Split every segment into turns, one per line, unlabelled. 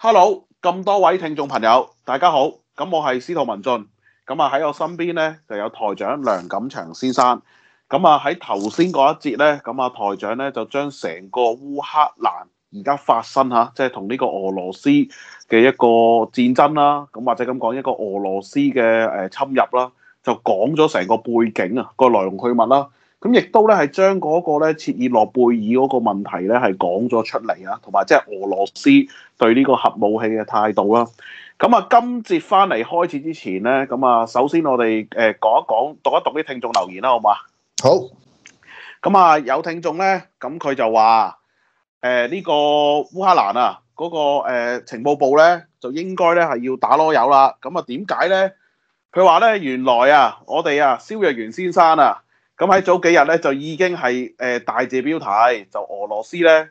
Hello，咁多位聽眾朋友，大家好，咁我係司徒文進，咁啊喺我身邊咧就有台長梁錦祥先生，咁啊喺頭先嗰一節咧，咁啊台長咧就將成個烏克蘭而家發生吓，即係同呢個俄羅斯嘅一個戰爭啦，咁或者咁講一個俄羅斯嘅誒侵入啦，就講咗成個背景啊、個來龍去脈啦。咁亦都咧，係將嗰個咧切爾諾貝爾嗰個問題咧，係講咗出嚟啊，同埋即係俄羅斯對呢個核武器嘅態度啦。咁啊，今節翻嚟開始之前咧，咁啊，首先我哋誒講一講，讀一讀啲聽眾留言啦，好嘛？好。咁啊、嗯，有聽眾咧，咁佢就話誒呢個烏克蘭啊，嗰、個、呃、情報部咧，就應該咧係要打攞有啦。咁啊，點解咧？佢話咧，原來啊，我哋啊，蕭若元先生啊。咁喺早幾日咧，就已經係誒、呃、大字標題，就俄羅斯咧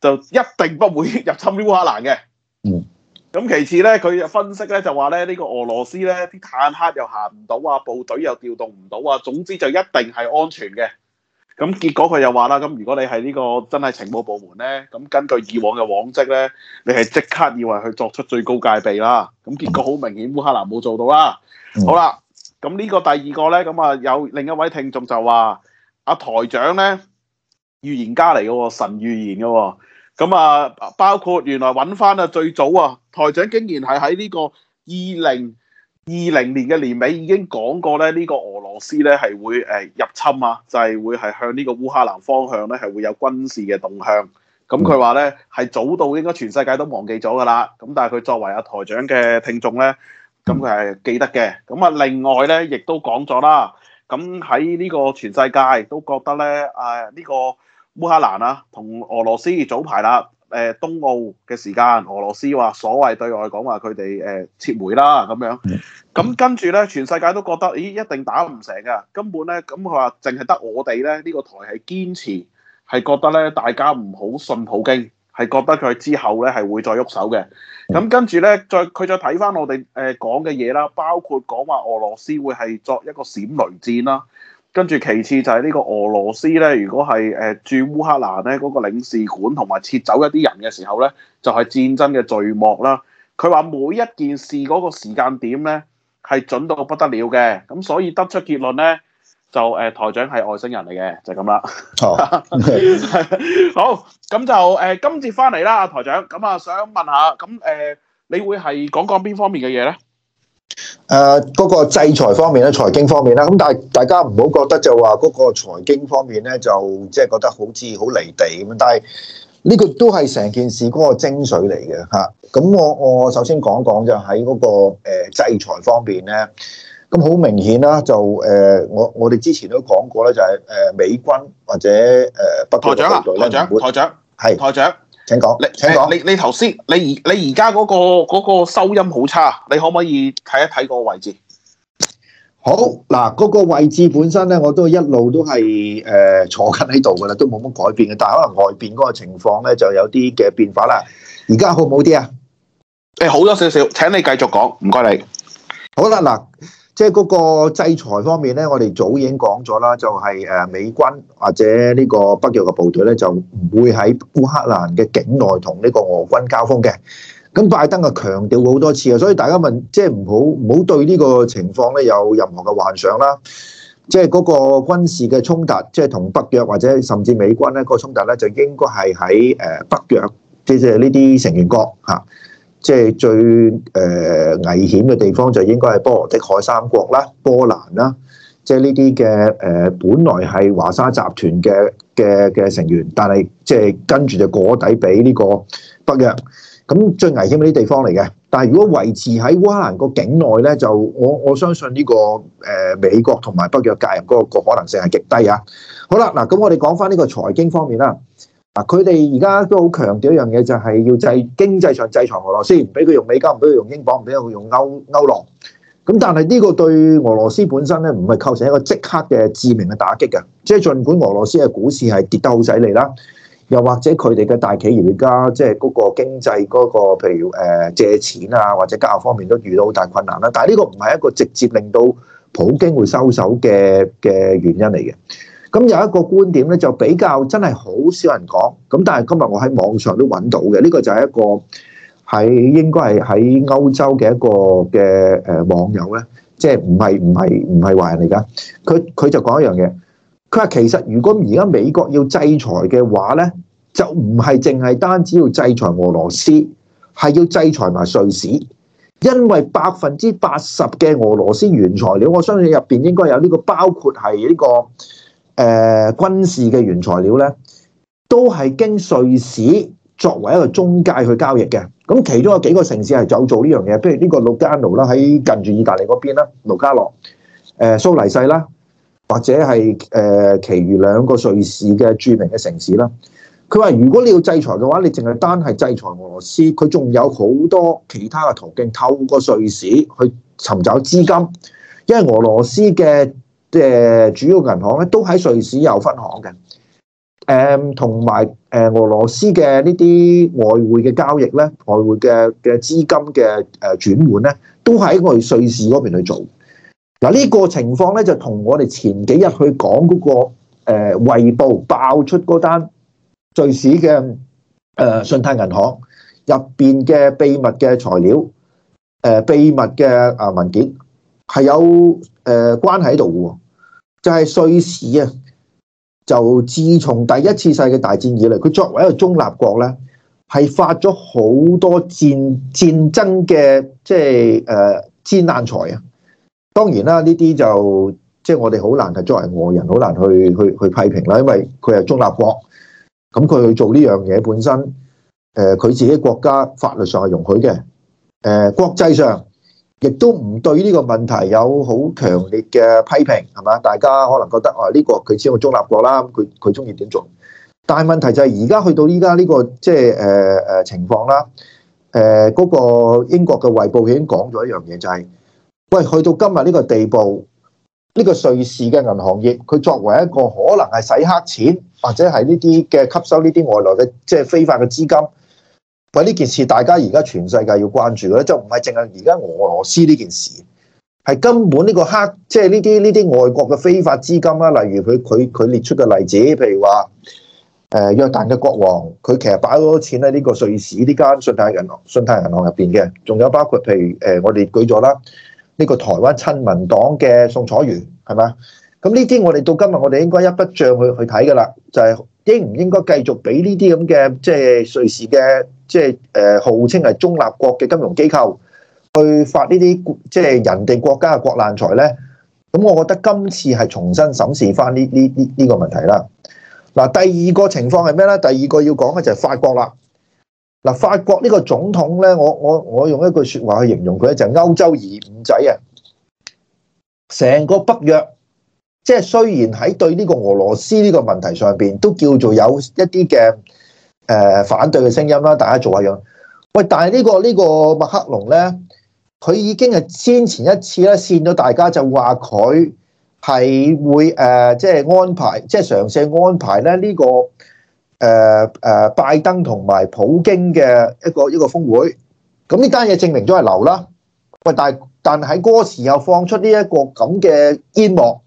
就一定不會入侵烏克蘭嘅。嗯。咁其次咧，佢又分析咧，就話咧呢、呢個俄羅斯咧啲坦克又行唔到啊，部隊又調動唔到啊，總之就一定係安全嘅。咁結果佢又話啦，咁如果你係呢個真係情報部門咧，咁根據以往嘅往績咧，你係即刻以為佢作出最高戒備啦。咁結果好明顯，烏克蘭冇做到啦。嗯、好啦。咁呢個第二個咧，咁啊有另一位聽眾就話：阿、啊、台長咧預言家嚟嘅神預言嘅喎、哦。咁啊，包括原來揾翻啊，最早啊，台長竟然係喺呢個二零二零年嘅年尾已經講過咧，呢、這個俄羅斯咧係會誒、呃、入侵啊，就係、是、會係向，向呢個烏克蘭方向咧係會有軍事嘅動向。咁佢話咧係早到應該全世界都忘記咗㗎啦。咁但係佢作為阿、啊、台長嘅聽眾咧。咁佢係記得嘅，咁啊另外咧，亦都講咗啦。咁喺呢個全世界都覺得咧，誒呢個烏克蘭啊，同、這個啊、俄羅斯早排啦，誒東歐嘅時間，俄羅斯話所謂對外講話佢哋誒撤回啦咁樣。咁跟住咧，全世界都覺得，咦，一定打唔成㗎，根本咧，咁佢話淨係得我哋咧呢、這個台係堅持，係覺得咧，大家唔好信普京。係覺得佢之後咧係會再喐手嘅，咁跟住咧再佢再睇返我哋誒、呃、講嘅嘢啦，包括講話俄羅斯會係作一個閃雷戰啦，跟住其次就係呢個俄羅斯咧，如果係誒、呃、駐烏克蘭咧嗰、那個領事館同埋撤走一啲人嘅時候咧，就係、是、戰爭嘅序幕啦。佢話每一件事嗰個時間點咧係準到不得了嘅，咁所以得出結論咧。就誒台長係外星人嚟嘅，就咁啦。好，咁就誒今次翻嚟啦，台長。咁啊，想問下，咁誒、呃、你會係講講邊方面嘅嘢咧？
誒、呃，嗰、嗰個制裁方面咧，財經方面啦。咁但係大家唔好覺得就話嗰個財經方面咧，就即係覺得好似好離地咁。但係呢個都係成件事嗰個精髓嚟嘅嚇。咁、啊、我我首先講講就喺嗰個制裁方面咧。咁好明顯啦，就誒我我哋之前都講過咧，就係誒美軍或者誒北台長啊，台長台長係台長，請講，請講，你你頭先你
而你而家嗰個嗰個收音好差，你可唔可以睇一睇個位置？
好，嗱，嗰個位置本身咧，我都一路都係誒坐緊喺度噶啦，都冇乜改變嘅，但係可能外邊嗰個情況咧就有啲嘅變化啦。而家好唔好啲啊？誒好多少少，請你繼續講，唔該你。好啦，嗱。即係嗰個制裁方面咧，我哋早已經講咗啦，就係誒美軍或者呢個北約嘅部隊咧，就唔會喺烏克蘭嘅境內同呢個俄軍交鋒嘅。咁拜登啊強調好多次啊，所以大家問，即係唔好唔好對呢個情況咧有任何嘅幻想啦。即係嗰個軍事嘅衝突，即係同北約或者甚至美軍咧，個衝突咧就應該係喺誒北約即係呢啲成員國嚇。即係最誒危險嘅地方就應該係波羅的海三國啦、波蘭啦，即係呢啲嘅誒，本來係華沙集團嘅嘅嘅成員，但係即係跟住就過底俾呢個北約。咁最危險嘅啲地方嚟嘅。但係如果維持喺烏克蘭個境內咧，就我我相信呢個誒美國同埋北約介入嗰個可能性係極低啊。好啦，嗱，咁我哋講翻呢個財經方面啦。嗱，佢哋而家都好強調一樣嘢，就係要制經濟上制裁俄羅斯，唔俾佢用美金，唔俾佢用英鎊，唔俾佢用歐歐羅。咁但係呢個對俄羅斯本身咧，唔係構成一個即刻嘅致命嘅打擊嘅。即係盡管俄羅斯嘅股市係跌得好犀利啦，又或者佢哋嘅大企業而家即係嗰個經濟嗰個，譬如誒、呃、借錢啊或者交易方面都遇到好大困難啦。但係呢個唔係一個直接令到普京會收手嘅嘅原因嚟嘅。咁有一個觀點咧，就比較真係好少人講。咁但係今日我喺網上都揾到嘅，呢個就係一個喺應該係喺歐洲嘅一個嘅誒網友咧，即係唔係唔係唔係華人嚟噶。佢、佢就講一樣嘢，佢話其實如果而家美國要制裁嘅話咧，就唔係淨係單止要制裁俄羅斯，係要制裁埋瑞士，因為百分之八十嘅俄羅斯原材料，我相信入邊應該有呢個包括係呢個。誒、呃、軍事嘅原材料咧，都係經瑞士作為一個中介去交易嘅。咁其中有幾個城市係走做呢樣嘢，譬如呢個盧加奴盧加諾啦，喺近住意大利嗰邊啦，盧加諾、誒、呃、蘇黎世啦，或者係誒、呃、其餘兩個瑞士嘅著名嘅城市啦。佢話如果你要制裁嘅話，你淨係單係制裁俄羅斯，佢仲有好多其他嘅途徑透過瑞士去尋找資金，因為俄羅斯嘅。即主要銀行咧，都喺瑞士有分行嘅。誒、嗯，同埋誒，俄羅斯嘅呢啲外匯嘅交易咧，外匯嘅嘅資金嘅誒轉換咧，都喺我哋瑞士嗰邊去做。嗱，呢個情況咧就同我哋前幾日去講嗰、那個誒，衛、呃、報爆出嗰單瑞士嘅誒、呃，信貸銀行入邊嘅秘密嘅材料，誒、呃，秘密嘅啊文件係有誒、呃、關係喺度嘅。就係瑞士啊！就自從第一次世界大戰以嚟，佢作為一個中立國咧，係發咗好多戰戰爭嘅即係誒戰難財啊！當然啦，呢啲就即係、就是、我哋好難係作為外人好難去去去、去批評啦，因為佢係中立國，咁佢去做呢樣嘢本身誒佢、呃、自己國家法律上係容許嘅誒、呃、國際上。亦都唔對呢個問題有好強烈嘅批評，係嘛？大家可能覺得，哦、啊、呢、這個佢先係中立國啦，佢佢中意點做？但問題就係而家去到依家呢個即係誒誒情況啦，誒嗰個英國嘅衛報已經講咗一樣嘢，就係、是、喂去到今日呢個地步，呢、這個瑞士嘅銀行業，佢作為一個可能係洗黑錢或者係呢啲嘅吸收呢啲外來嘅即係非法嘅資金。呢件事大家而家全世界要關注嘅咧，就唔係淨係而家俄羅斯呢件事，係根本呢個黑，即係呢啲呢啲外國嘅非法資金啦。例如佢佢佢列出嘅例子，譬如話，誒約旦嘅國王，佢其實擺咗好多錢喺呢個瑞士呢間信貸銀行、信貸銀行入邊嘅。仲有包括譬如誒，我哋舉咗啦，呢個台灣親民黨嘅宋楚瑜，係嘛？咁呢啲我哋到今日我哋應該一筆賬去去睇㗎啦，就係、是、應唔應該繼續俾呢啲咁嘅，即係瑞士嘅。即係誒，號稱係中立國嘅金融機構去發呢啲即係人哋國家嘅國難財咧，咁我覺得今次係重新審視返呢呢呢呢個問題啦。嗱，第二個情況係咩咧？第二個要講嘅就係法國啦。嗱，法國呢個總統咧，我我我用一句説話去形容佢咧，就係、是、歐洲二五仔啊！成個北約即係、就是、雖然喺對呢個俄羅斯呢個問題上面都叫做有一啲嘅。誒、呃、反對嘅聲音啦，大家做下樣。喂，但係、這個這個、呢個呢個麥克龍咧，佢已經係先前一次咧，煽到大家就話佢係會誒，即、呃、係、就是、安排，即係嘗試安排咧、這、呢個誒誒、呃呃、拜登同埋普京嘅一個一個峯會。咁呢單嘢證明咗係流啦。喂，但係但係喺嗰個時候放出呢、這、一個咁嘅煙幕。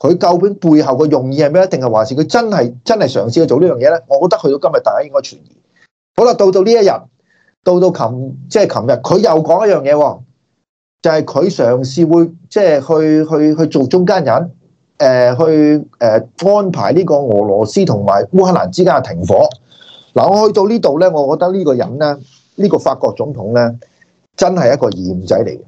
佢究竟背後嘅用意係咩？定係話事？佢真係真係嘗試去做呢樣嘢呢？我覺得去到今日，大家應該存疑好。好啦，到到呢一日，到到琴即係琴日，佢又講一樣嘢，就係佢嘗試會即係、就是、去去去做中間人，誒、呃，去誒、呃、安排呢個俄羅斯同埋烏克蘭之間嘅停火。嗱，我去到呢度呢，我覺得呢個人呢，呢、這個法國總統呢，真係一個二五仔嚟嘅。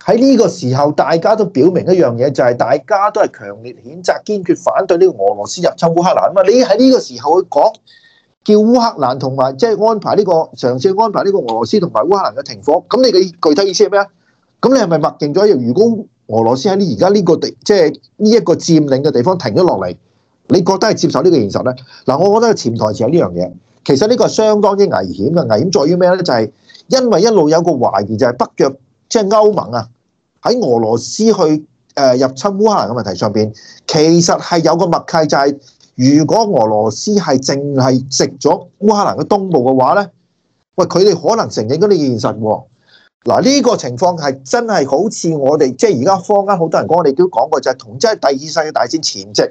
喺呢個時候，大家都表明一樣嘢，就係大家都係強烈譴責、堅決反對呢個俄羅斯入侵烏克蘭。咁啊，你喺呢個時候去講，叫烏克蘭同埋即係安排呢個嘗試安排呢個俄羅斯同埋烏克蘭嘅停火，咁你嘅具體意思係咩啊？咁你係咪默認咗？如果俄羅斯喺呢而家呢個地，即係呢一個佔領嘅地方停咗落嚟，你覺得係接受呢個現實呢？嗱，我覺得潛台詞有呢樣嘢，其實呢個係相當之危險嘅。危險在於咩呢？就係因為一路有個懷疑，就係北約。即係歐盟啊，喺俄羅斯去誒、呃、入侵烏克蘭嘅問題上邊，其實係有個默契，就是，就係如果俄羅斯係淨係食咗烏克蘭嘅東部嘅話咧，喂佢哋可能承認咗呢個現實喎、啊。嗱呢、這個情況係真係好似我哋即係而家坊間好多人講，我哋都講過就係同即係第二次大戰前夕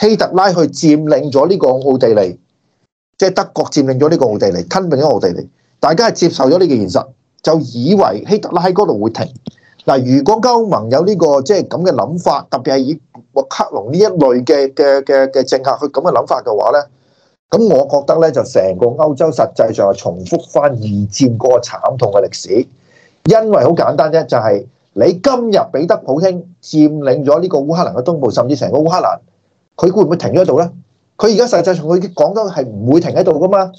希特拉去佔領咗呢個奧地利，即係德國佔領咗呢個奧地利，吞併咗奧地利，大家係接受咗呢個現實。就以為希特拉喺嗰度會停嗱，如果歐盟有呢個即係咁嘅諗法，特別係以馬克龍呢一類嘅嘅嘅嘅政客去咁嘅諗法嘅話咧，咁我覺得咧就成個歐洲實際上係重複翻二戰嗰個慘痛嘅歷史，因為好簡單啫，就係你今日彼得普京佔領咗呢個烏克蘭嘅東部，甚至成個烏克蘭，佢會唔會停喺度咧？佢而家實際上佢講咗係唔會停喺度噶嘛？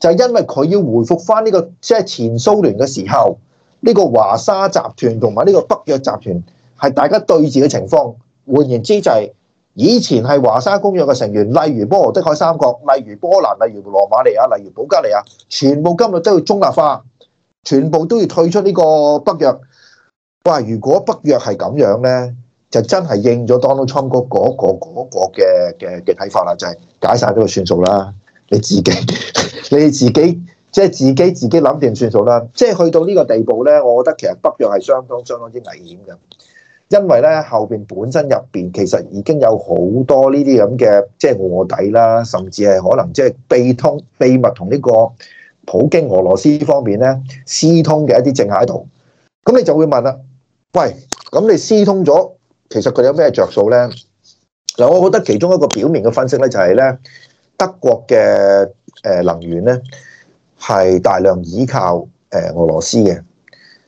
就係因為佢要回復翻、這、呢個即係、就是、前蘇聯嘅時候呢、這個華沙集團同埋呢個北約集團係大家對峙嘅情況。換言之，就係以前係華沙公約嘅成員，例如波羅的海三國、例如波蘭、例如羅馬尼亞、例如保加利亞，全部今日都要中立化，全部都要退出呢個北約。哇！如果北約係咁樣呢，就真係應咗 Donald Trump 嗰個嗰個嘅嘅嘅睇法啦，就係、是、解散咗佢算數啦，你自己。 你自己即係自己自己諗定算數啦。即係去到呢個地步咧，我覺得其實北約係相當相當之危險嘅，因為咧後邊本身入邊其實已經有好多呢啲咁嘅即係臥底啦，甚至係可能即係秘通秘密同呢個普京俄羅斯方面咧私通嘅一啲政客喺度。咁你就會問啦，喂，咁你私通咗，其實佢有咩着數咧？嗱，我覺得其中一個表面嘅分析咧就係咧德國嘅。誒能源咧係大量依靠誒俄羅斯嘅，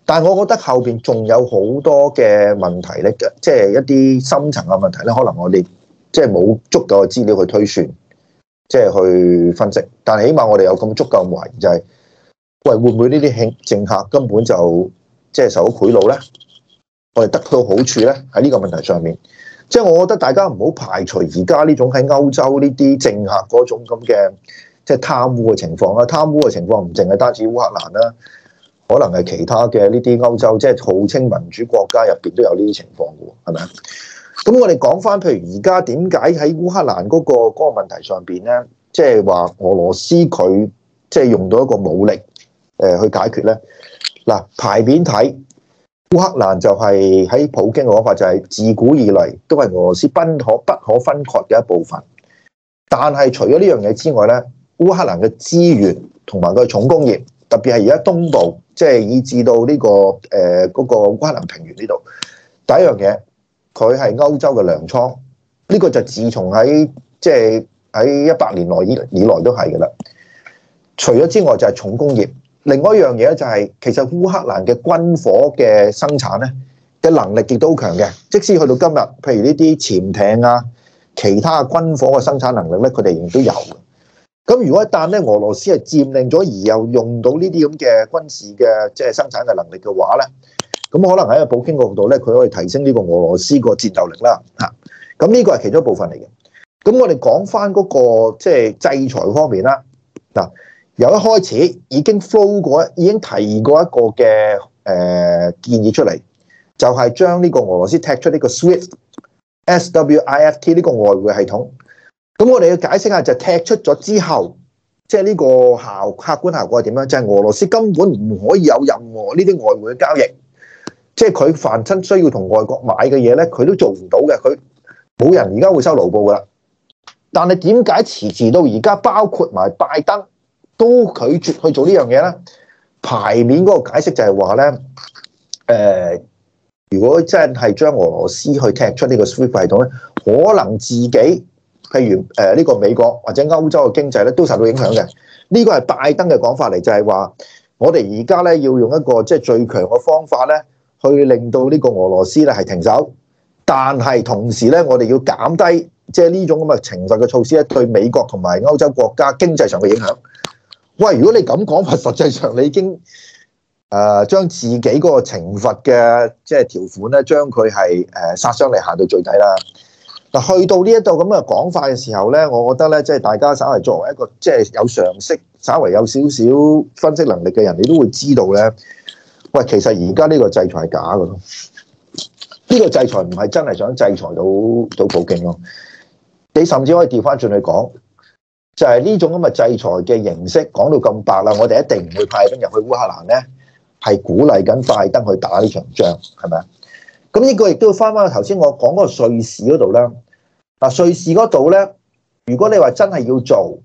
但係我覺得後邊仲有好多嘅問題咧，即係一啲深層嘅問題咧。可能我哋即係冇足夠嘅資料去推算，即係去分析。但係起碼我哋有咁足夠懷疑就係喂，會唔會呢啲政客根本就即係受到賄賂咧？我哋得到好處咧喺呢個問題上面，即係我覺得大家唔好排除而家呢種喺歐洲呢啲政客嗰種咁嘅。即係貪污嘅情況啦，貪污嘅情況唔淨係單止烏克蘭啦，可能係其他嘅呢啲歐洲，即係號稱民主國家入邊都有呢啲情況嘅，係咪啊？咁我哋講翻，譬如而家點解喺烏克蘭嗰個嗰個問題上邊咧，即係話俄羅斯佢即係用到一個武力誒去解決咧？嗱，牌面睇烏克蘭就係喺普京嘅講法就係自古以嚟都係俄羅斯不可不可分割嘅一部分，但係除咗呢樣嘢之外咧。烏克蘭嘅資源同埋個重工業，特別係而家東部，即係以至到呢個誒嗰個烏克蘭平原呢度。第一樣嘢，佢係歐洲嘅糧倉，呢個就自從喺即係喺一百年內以來以來都係嘅啦。除咗之外，就係重工業。另外一樣嘢咧，就係其實烏克蘭嘅軍火嘅生產咧嘅能力亦都好強嘅，即使去到今日，譬如呢啲潛艇啊，其他軍火嘅生產能力咧，佢哋亦都有。咁如果一旦咧，俄羅斯係佔領咗，而又用到呢啲咁嘅軍事嘅即係生產嘅能力嘅話咧，咁、嗯、可能喺個普京嗰度咧，佢可以提升呢個俄羅斯個戰鬥力啦。嚇、啊，咁、嗯、呢、這個係其中一部分嚟嘅。咁、嗯、我哋講翻嗰個即係制裁方面啦。嗱、啊，由一開始已經 flow 過，已經提過一個嘅誒、呃、建議出嚟，就係將呢個俄羅斯踢出呢個 SWIFT、SWIFT 呢個外匯系統。咁我哋要解釋下，就踢出咗之後，即係呢個效客觀效果係點樣？即係俄羅斯根本唔可以有任何呢啲外匯嘅交易，即係佢凡親需要同外國買嘅嘢咧，佢都做唔到嘅。佢冇人而家會收盧布噶啦。但係點解遲遲到而家，包括埋拜登都拒絕去做呢樣嘢咧？牌面嗰個解釋就係話咧，誒、呃，如果真係將俄羅斯去踢出呢個 SWIFT 系統咧，可能自己。譬如誒呢個美國或者歐洲嘅經濟咧都受到影響嘅，呢、這個係拜登嘅講法嚟，就係、是、話我哋而家咧要用一個即係最強嘅方法咧，去令到呢個俄羅斯咧係停手，但係同時咧我哋要減低即係呢種咁嘅懲罰嘅措施咧對美國同埋歐洲國家經濟上嘅影響。喂，如果你咁講法，實際上你已經誒將、呃、自己嗰個懲罰嘅即係條款咧，將佢係誒殺傷力限到最低啦。嗱，去到呢一度咁嘅講法嘅時候咧，我覺得咧，即係大家稍為作為一個即係有常識、稍為有少少分析能力嘅人，你都會知道咧。喂，其實而家呢個制裁係假嘅，呢個制裁唔係真係想制裁到到普京咯。你甚至可以調翻轉去講，就係呢種咁嘅制裁嘅形式，講到咁白啦，我哋一定唔會派兵入去烏克蘭咧，係鼓勵緊拜登去打呢場仗，係咪啊？咁呢個亦都翻翻去頭先我講嗰個瑞士嗰度啦。嗱，瑞士嗰度咧，如果你話真係要做，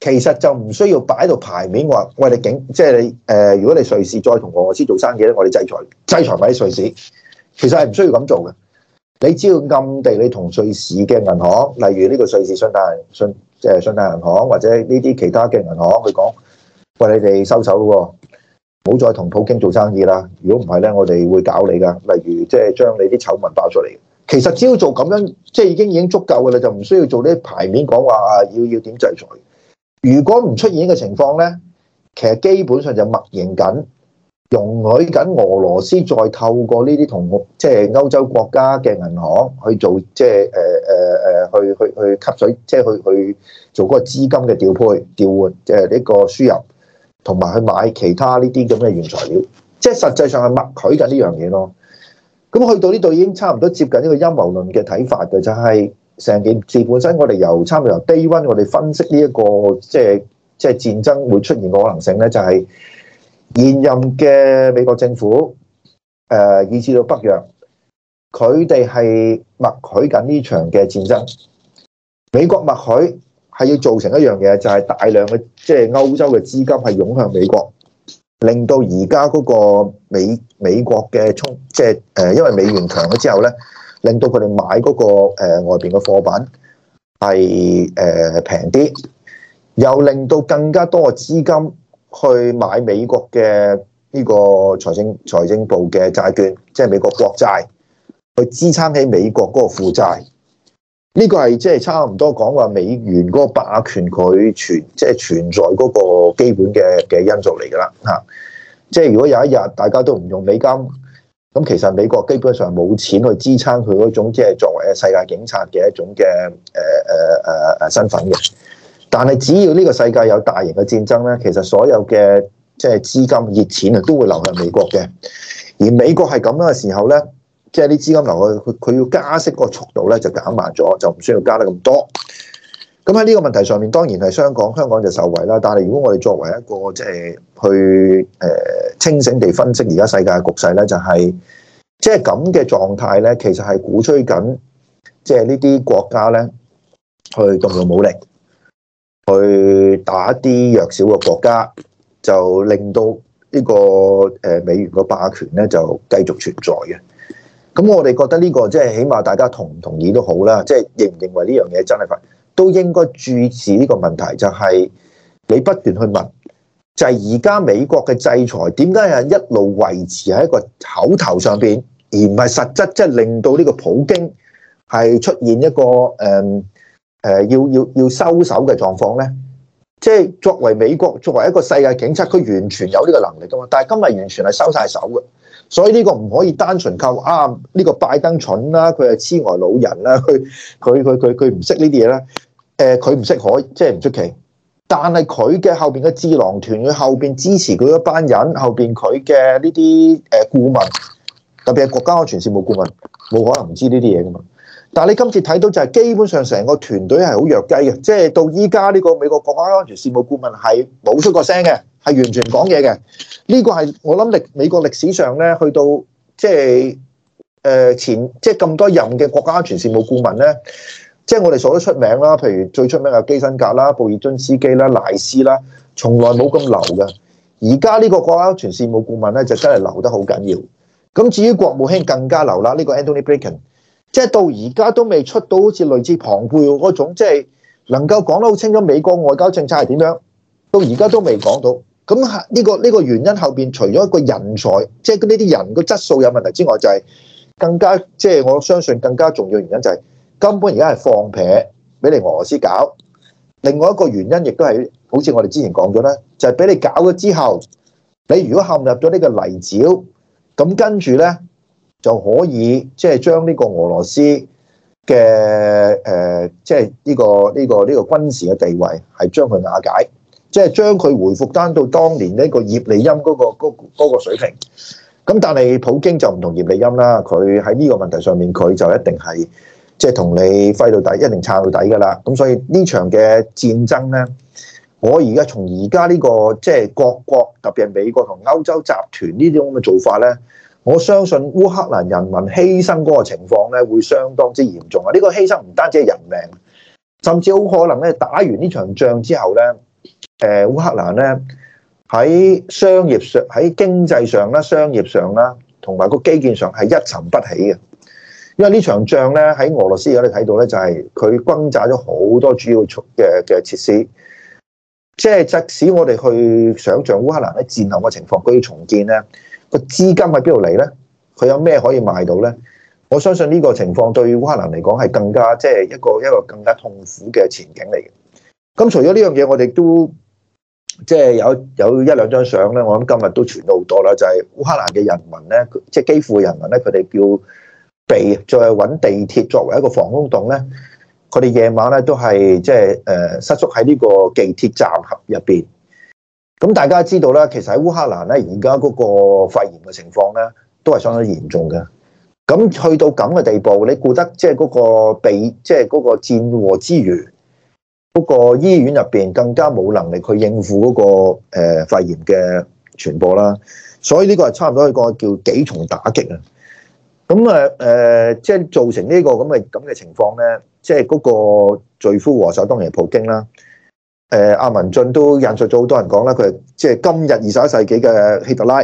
其實就唔需要擺到牌面話，喂，你警，即係你誒、呃，如果你瑞士再同俄羅斯做生意咧，我哋制裁制裁埋瑞士。其實係唔需要咁做嘅。你只要暗地你同瑞士嘅銀行，例如呢個瑞士信貸信，即係信貸銀行或者呢啲其他嘅銀行去講，喂，你哋收手喎。冇再同普京做生意啦！如果唔係咧，我哋會搞你噶。例如，即係將你啲醜聞爆出嚟。其實只要做咁樣，即係已經已經足夠嘅，啦，就唔需要做啲排面講話要要點制裁。如果唔出現呢個情況咧，其實基本上就默認緊，容許緊俄羅斯再透過呢啲同即係歐洲國家嘅銀行去做，即係誒誒誒，去去去吸水，即係去去做嗰個資金嘅調配調換，即係呢個輸入。同埋去買其他呢啲咁嘅原材料，即係實際上係默許緊呢樣嘢咯。咁去到呢度已經差唔多接近呢個陰謀論嘅睇法嘅，就係、是、成件事本身我。我哋由差唔多由 day one，我哋分析呢、這、一個即係即係戰爭會出現嘅可能性咧，就係現任嘅美國政府誒、呃，以至到北約，佢哋係默許緊呢場嘅戰爭。美國默許。係要造成一樣嘢，就係大量嘅即係歐洲嘅資金係湧向美國，令到而家嗰個美美國嘅衝即係誒，因為美元強咗之後咧，令到佢哋買嗰個外邊嘅貨品係誒平啲，又令到更加多嘅資金去買美國嘅呢個財政財政部嘅債券，即係美國國債，去支撐起美國嗰個負債。呢個係即係差唔多講話美元嗰個霸權佢存即係存在嗰個基本嘅嘅因素嚟噶啦吓，即係如果有一日大家都唔用美金，咁其實美國基本上冇錢去支撐佢嗰種即係作為世界警察嘅一種嘅誒誒誒身份嘅。但係只要呢個世界有大型嘅戰爭咧，其實所有嘅即係資金熱錢啊都會流向美國嘅，而美國係咁樣嘅時候咧。即係啲資金流去佢，佢要加息嗰個速度咧就減慢咗，就唔需要加得咁多。咁喺呢個問題上面，當然係香港香港就受惠啦。但係如果我哋作為一個即係去誒清醒地分析而家世界嘅局勢咧，就係即係咁嘅狀態咧，其實係鼓吹緊，即係呢啲國家咧去動用武力去打啲弱小嘅國家，就令到呢個誒美元嘅霸權咧就繼續存在嘅。咁我哋覺得呢、這個即係起碼大家同唔同意都好啦，即係認唔認為呢樣嘢真係發，都應該注視呢個問題，就係、是、你不斷去問，就係而家美國嘅制裁點解係一路維持喺一個口頭上面，而唔係實質，即係令到呢個普京係出現一個誒誒、嗯呃、要要要收手嘅狀況呢？即、就、係、是、作為美國作為一個世界警察，佢完全有呢個能力㗎嘛，但係今日完全係收晒手嘅。所以呢個唔可以單純靠啊！呢個拜登蠢啦，佢係痴呆、呃、老人啦，佢佢佢佢佢唔識呢啲嘢啦。誒，佢唔識海，即係唔出奇。但係佢嘅後邊嘅智囊團，佢後邊支持佢一班人，後邊佢嘅呢啲誒顧問，特別係國家安全事務顧問，冇可能唔知呢啲嘢㗎嘛。但係你今次睇到就係基本上成個團隊係好弱雞嘅，即係到依家呢個美國國家安全事務顧問係冇出過聲嘅，係完全唔講嘢嘅。呢個係我諗歷美國歷史上咧，去到即係誒前即係咁多任嘅國家安全事務顧問咧，即係我哋所都出名啦。譬如最出名嘅基辛格啦、布爾津斯基啦、賴斯啦，從來冇咁流嘅。而家呢個國家安全事務顧問咧就真係流得好緊要。咁至於國務卿更加流啦，呢個 Anthony Blinken。即係到而家都未出到好似類似龐佩奧嗰種，即係能夠講得好清楚美國外交政策係點樣，到而家都未講到。咁呢個呢個原因後邊，除咗一個人才，即係呢啲人個質素有問題之外，就係更加即係我相信更加重要原因就係根本而家係放屁俾你俄羅斯搞。另外一個原因亦都係好似我哋之前講咗啦，就係俾你搞咗之後，你如果陷入咗呢個泥沼，咁跟住咧。就可以即係將呢個俄羅斯嘅，誒，即係呢個呢個呢個軍事嘅地位係將佢瓦解，即係將佢回復翻到當年呢個葉利欽嗰個嗰個水平。咁但係普京就唔同葉利欽啦，佢喺呢個問題上面，佢就一定係即係同你揮到底，一定撐到底噶啦。咁所以呢場嘅戰爭呢，我而家從而家呢個即係各國，特別係美國同歐洲集團呢啲咁嘅做法呢。我相信烏克蘭人民犧牲嗰個情況咧，會相當之嚴重啊！呢個犧牲唔單止係人命，甚至好可能咧，打完呢場仗之後咧，誒、呃、烏克蘭咧喺商業上、喺經濟上啦、商業上啦，同埋個基建上係一沉不起嘅。因為呢場仗咧，喺俄羅斯而家你睇到咧，就係佢轟炸咗好多主要嘅嘅設施，即係即使我哋去想像烏克蘭咧戰後嘅情況，佢要重建咧。個資金喺邊度嚟咧？佢有咩可以賣到咧？我相信呢個情況對烏克蘭嚟講係更加即係、就是、一個一個更加痛苦嘅前景嚟嘅。咁除咗呢樣嘢，我哋都即係有有一兩張相咧。我諗今日都傳到好多啦，就係、是、烏克蘭嘅人民咧，即係基輔人民咧，佢哋叫被再揾地鐵作為一個防空洞咧。佢哋夜晚咧都係即係誒瑟縮喺呢個地鐵站入邊。咁大家知道啦，其實喺烏克蘭咧，而家嗰個肺炎嘅情況咧，都係相當嚴重嘅。咁去到咁嘅地步，你顧得即係嗰個被，即係嗰個戰禍之餘，嗰個醫院入邊更加冇能力去應付嗰個肺炎嘅傳播啦。所以呢個係差唔多一個叫幾重打擊啊。咁啊誒，即係造成呢個咁嘅咁嘅情況咧，即係嗰個罪魁禍首當然係普京啦。誒，阿文進都引述咗好多人講啦，佢即係今日二十一世紀嘅希特拉，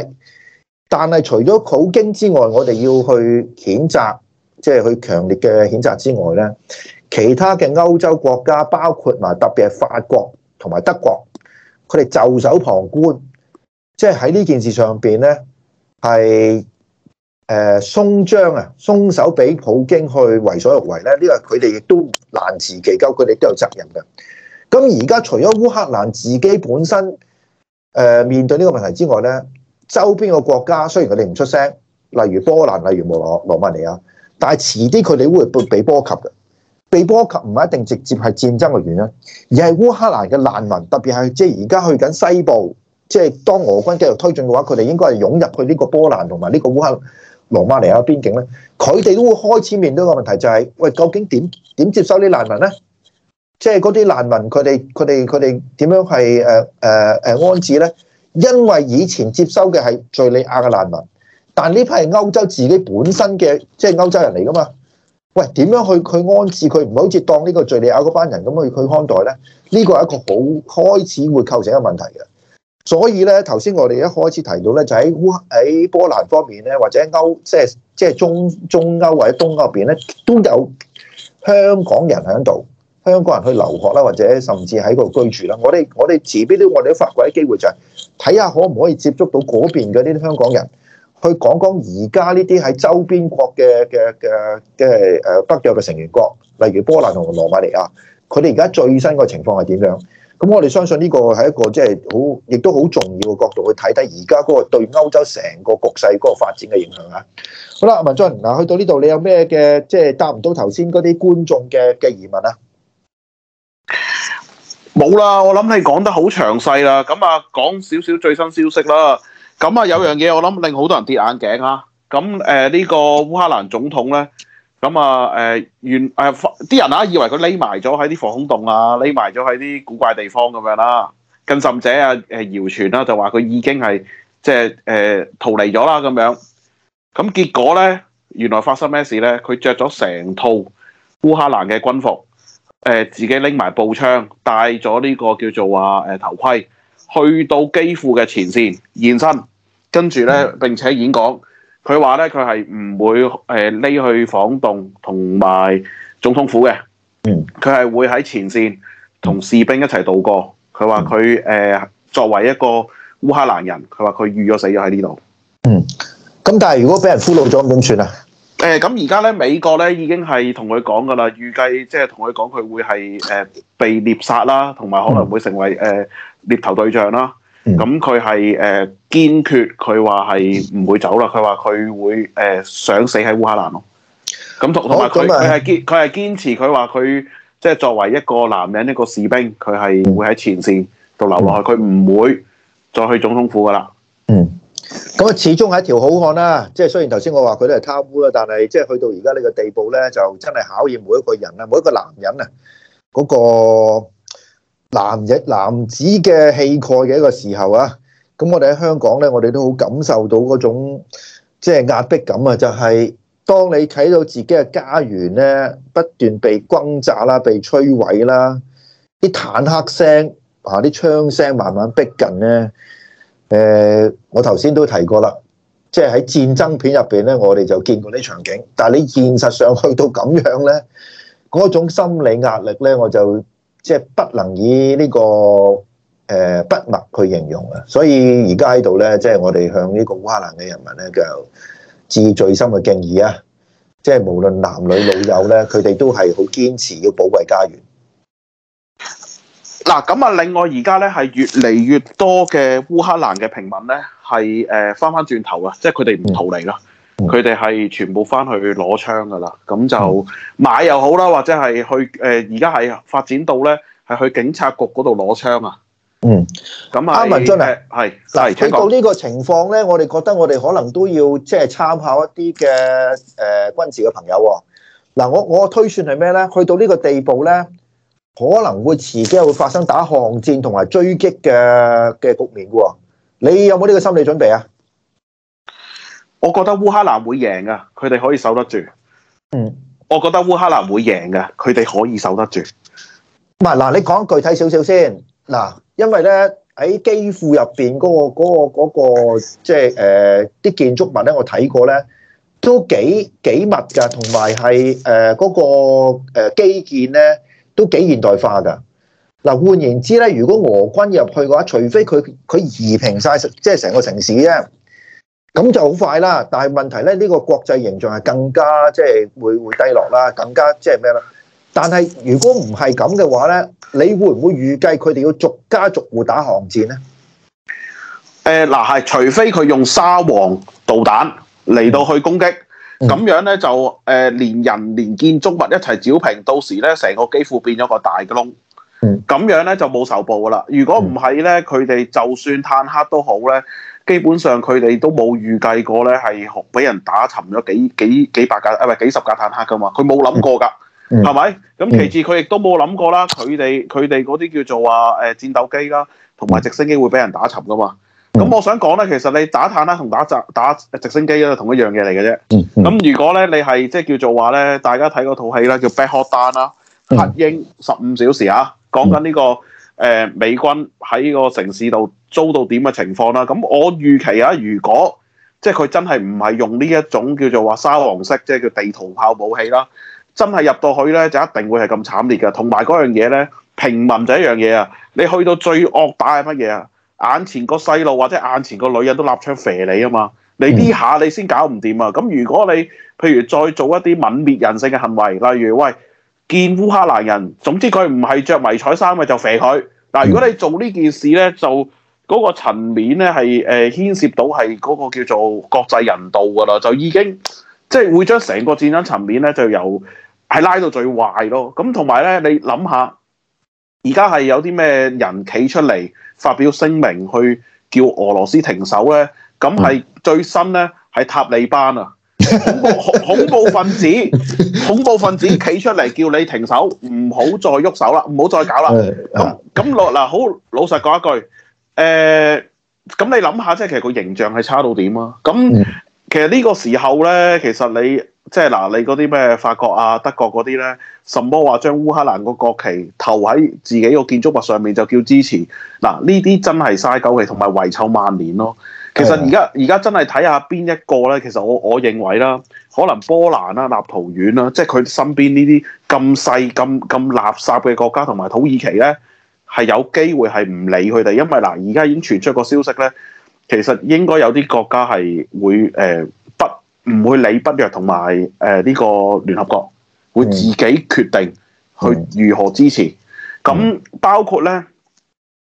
但係除咗普京之外，我哋要去譴責，即係去強烈嘅譴責之外咧，其他嘅歐洲國家，包括埋特別係法國同埋德國，佢哋袖手旁觀，即係喺呢件事上邊咧係誒鬆張啊，鬆手俾普京去為所欲為咧，呢個佢哋亦都難辭其咎，佢哋都有責任噶。咁而家除咗烏克蘭自己本身誒面對呢個問題之外咧，周邊個國家雖然佢哋唔出聲，例如波蘭，例如摩羅羅馬尼亞，但係遲啲佢哋會被波及嘅。被波及唔係一定直接係戰爭嘅原因，而係烏克蘭嘅難民，特別係即係而家去緊西部，即係當俄軍繼續推進嘅話，佢哋應該係湧入去呢個波蘭同埋呢個烏克蘭羅馬尼亞邊境咧。佢哋都會開始面對一個問題，就係喂，究竟點點接收呢難民咧？即係嗰啲難民，佢哋佢哋佢哋點樣係誒誒誒安置咧？因為以前接收嘅係敍利亞嘅難民，但呢批係歐洲自己本身嘅，即係歐洲人嚟噶嘛？喂，點樣去佢安置佢？唔係好似當呢個敍利亞嗰班人咁去佢看待咧？呢個係一個好開始會構成一個問題嘅。所以咧，頭先我哋一開始提到咧，就喺喺波蘭方面咧，或者歐即係即係中中歐或者東歐邊咧，都有香港人喺度。香港人去留學啦，或者甚至喺度居住啦。我哋我哋遲啲都我哋都發掘啲機會，就是，就係睇下可唔可以接觸到嗰邊嘅呢啲香港人，去講講而家呢啲喺周邊國嘅嘅嘅嘅誒北約嘅成員國，例如波蘭同羅馬尼亞，佢哋而家最新嘅情況係點樣？咁我哋相信呢個係一個即係好，亦都好重要嘅角度去睇睇而家嗰個對歐洲成個局勢嗰個發展嘅影響啊！好啦，文進嗱，去到呢度你有咩嘅即係答唔到頭先嗰啲觀眾嘅嘅疑問啊？
冇啦，我諗你講得好詳細啦。咁啊，講少少最新消息啦。咁啊，有樣嘢我諗令好多人跌眼鏡啊。咁誒，呢個烏克蘭總統咧，咁、呃、啊誒原誒啲人啊以為佢匿埋咗喺啲防空洞啊，匿埋咗喺啲古怪地方咁樣啦。更甚者啊，誒謠傳啦、啊，就話佢已經係即係誒逃離咗啦咁樣。咁結果咧，原來發生咩事咧？佢着咗成套烏克蘭嘅軍服。誒、呃，自己拎埋步槍，帶咗呢個叫做話誒、呃、頭盔，去到基輔嘅前線現身，跟住咧，並且演講。佢話咧，佢係唔會誒匿、呃、去防空洞同埋總統府嘅，嗯，佢係會喺前線同士兵一齊度過。佢話佢誒作為一個烏克蘭人，佢話佢預咗死咗
喺呢度。嗯，咁但係如果俾人俘虜咗，咁點算啊？
誒，咁而家咧，美國咧已經係同佢講噶啦，預計即係同佢講佢會係誒、呃、被獵殺啦，同埋可能會成為誒、呃、獵頭對象啦。咁佢係誒堅決，佢話係唔會走啦。佢話佢會誒、呃、想死喺烏克蘭咯。咁同同埋佢佢係堅佢係堅持佢佢，佢話佢即係作為一個男人一個士兵，佢係會喺前線度留落去，佢唔會再去總統府噶啦。嗯。
咁啊，始終係一條好漢啦。即係雖然頭先我話佢咧係貪污啦，但係即係去到而家呢個地步咧，就真係考驗每一個人啦，每一個男人啊，嗰、嗰個男人、男子嘅氣概嘅一個時候啊。咁我哋喺香港咧，我哋都好感受到嗰種即係壓迫感啊！就係、是、當你睇到自己嘅家園咧，不斷被轟炸啦，被摧毀啦，啲坦克聲啊，啲槍聲慢慢逼近咧。誒、呃，我頭先都提過啦，即係喺戰爭片入邊咧，我哋就見過啲場景，但係你現實上去到咁樣咧，嗰種心理壓力咧，我就即係不能以呢、這個誒、呃、筆墨，去形容啊。所以而家喺度咧，即係我哋向呢個烏克蘭嘅人民咧，就致最深嘅敬意啊！即係無論男女老幼咧，佢哋都係好堅持要保衛家園。
嗱咁啊！另外而家咧，係越嚟越多嘅烏克蘭嘅平民咧，係誒翻翻轉頭啊！即係佢哋唔逃離啦，佢哋係全部翻去攞槍㗎喇。咁就買又好啦，或者係去誒，而家係發展到咧，係去警察局嗰度攞槍啊！
嗯，
咁啊，阿文進啊，係，係。睇到
呢個情況咧，我哋覺得我哋可能都要即係參考一啲嘅誒軍事嘅朋友喎。嗱，我我推算係咩咧？去到呢個地步咧。可能會遲啲會發生打巷戰同埋追擊嘅嘅局面嘅喎、哦。你有冇呢個心理準備啊？我覺得烏克蘭會
贏啊，佢哋可以守得住。嗯，我覺得烏克蘭會贏嘅，佢哋可以守得住。
唔係嗱，你講具體少少先嗱、啊，因為咧喺機庫入邊嗰個嗰個即係誒啲建築物咧，我睇過咧都幾幾密嘅，同埋係誒嗰個基建咧。都幾現代化㗎。嗱，換言之咧，如果俄軍入去嘅話，除非佢佢夷平晒即係成個城市啫，咁就好快啦。但係問題咧，呢個國際形象係更加即係會會低落啦，更加即係咩咧？但係如果唔係咁嘅話咧，你會唔會預計佢哋要逐家逐戶打巷戰
咧？誒嗱係，除非佢用沙皇導彈嚟到去攻擊。咁樣咧就誒連人連建築物一齊照平，到時咧成個機庫變咗個大嘅窿。咁樣咧就冇仇報噶啦。如果唔係咧，佢哋就算坦克都好咧，基本上佢哋都冇預計過咧係俾人打沉咗幾幾幾百架啊，唔係幾十架坦克噶嘛。佢冇諗過㗎，係咪、嗯？咁其次佢亦都冇諗過啦。佢哋佢哋嗰啲叫做話誒戰鬥機啦，同埋直升機會俾人打沉噶嘛。咁我想講咧，其實你打探啦，同打雜打直升機咧，同一樣嘢嚟嘅啫。咁、嗯、如果咧，你係即係叫做話咧，大家睇嗰套戲啦，叫《Black Hawk Down》啦，《黑鷹十五小時》啊，講緊呢個誒美軍喺個城市度遭到點嘅情況啦。咁、嗯嗯、我預期啊，如果即係佢真係唔係用呢一種叫做話沙皇式，即係叫地圖炮武器啦，真係入到去咧，就一定會係咁慘烈嘅。同埋嗰樣嘢咧，平民就一樣嘢啊。你去到最惡打係乜嘢啊？眼前個細路或者眼前個女人都立槍射你啊嘛！你呢下你先搞唔掂啊！咁如果你譬如再做一啲泯滅人性嘅行為，例如喂，見烏克蘭人，總之佢唔係着迷彩衫嘅就射佢。嗱，如果你做呢件事咧，就嗰個層面咧係誒牽涉到係嗰個叫做國際人道㗎啦，就已經即係、就是、會將成個戰爭層面咧就由係拉到最壞咯。咁同埋咧，你諗下。而家係有啲咩人企出嚟發表聲明，去叫俄羅斯停手咧？咁係最新咧，係塔利班啊！恐怖恐怖分子，恐怖分子企出嚟叫你停手，唔好再喐手啦，唔好再搞啦。咁咁落嗱，好老、老實講一句，誒、呃，咁你諗下，即係其實個形象係差到點啊？咁其實呢個時候咧，其實你即係嗱，你嗰啲咩法國啊、德國嗰啲咧，什麼話將烏克蘭個國旗投喺自己個建築物上面就叫支持？嗱，呢啲真係嘥狗氣同埋遺臭萬年咯。其實而家而家真係睇下邊一個咧，其實我我認為啦，可能波蘭啊、立陶宛啊，即係佢身邊呢啲咁細咁咁垃圾嘅國家同埋土耳其咧，係有機會係唔理佢哋，因為嗱，而家已經傳出一個消息咧。其實應該有啲國家係會誒、呃、不唔會理不約同埋誒呢個聯合國會自己決定去如何支持。咁、嗯、包括咧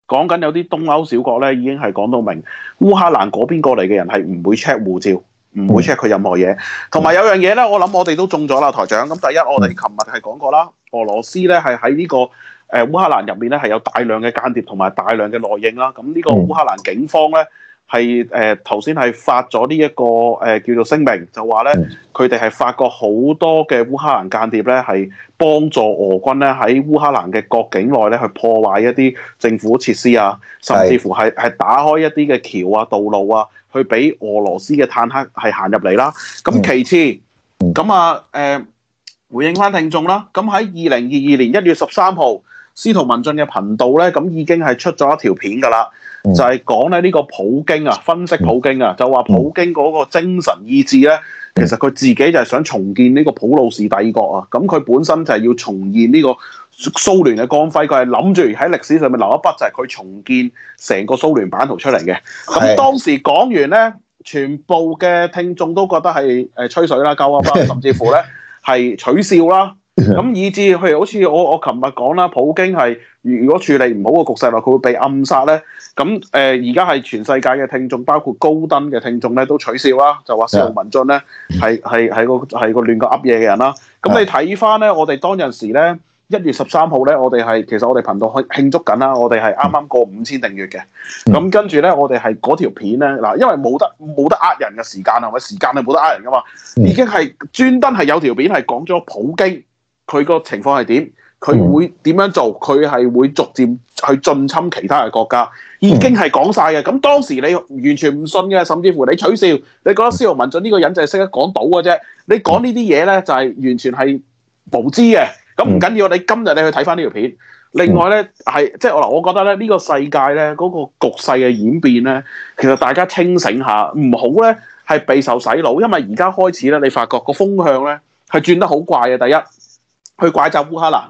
講緊有啲東歐小國咧已經係講到明烏克蘭嗰邊過嚟嘅人係唔會 check 護照，唔、嗯、會 check 佢任何嘢。同埋有樣嘢咧，我諗我哋都中咗啦，台長。咁第一，我哋琴日係講過啦，俄羅斯咧係喺呢、這個誒烏、呃、克蘭入面咧係有大量嘅間諜同埋大量嘅內應啦。咁呢個烏克蘭警方咧。係誒頭先係發咗呢一個誒、呃、叫做聲明，就話咧佢哋係發覺好多嘅烏克蘭間諜咧係幫助俄軍咧喺烏克蘭嘅國境內咧去破壞一啲政府設施啊，甚至乎係係打開一啲嘅橋啊、道路啊，去俾俄羅斯嘅坦克係行入嚟啦。咁其次，咁啊誒、呃、回應返聽眾啦。咁喺二零二二年一月十三號，司徒文進嘅頻道咧咁已經係出咗一條片㗎啦。就係講咧呢個普京啊，分析普京啊，嗯、就話普京嗰個精神意志咧，其實佢自己就係想重建呢個普魯士帝國啊。咁佢本身就係要重現呢個蘇聯嘅光輝，佢係諗住喺歷史上面留一筆，就係佢重建成個蘇聯版圖出嚟嘅。咁當時講完咧，全部嘅聽眾都覺得係誒吹水啦，鳩噏啦，甚至乎咧係取笑啦。咁 以致佢好似我我琴日講啦，普京係如果處理唔好個局勢落佢會被暗殺咧。咁誒而家係全世界嘅聽眾，包括高登嘅聽眾咧，都取笑啦，就話肖文俊咧係係係個係個亂個噏嘢嘅人啦。咁、嗯嗯、你睇翻咧，我哋當陣時咧一月十三號咧，我哋係其實我哋頻道去慶祝緊啦，我哋係啱啱過五千訂閱嘅。咁、嗯嗯、跟住咧，我哋係嗰條片咧嗱，因為冇得冇得噏人嘅時間啊，咪時間係冇得呃人噶嘛，已經係專登係有條片係講咗普京。佢個情況係點？佢會點樣做？佢係會逐漸去進侵其他嘅國家，已經係講晒嘅。咁當時你完全唔信嘅，甚至乎你取笑，你覺得司徒文進呢個人就係識得講倒嘅啫。你講呢啲嘢咧，就係、是、完全係無知嘅。咁唔緊要，你今日你去睇翻呢條片。另外咧，係即係我，就是、我覺得咧，呢個世界咧嗰、那個局勢嘅演變咧，其實大家清醒下，唔好咧係備受洗腦，因為而家開始咧，你發覺個風向咧係轉得好怪嘅。第一，去怪責烏克蘭，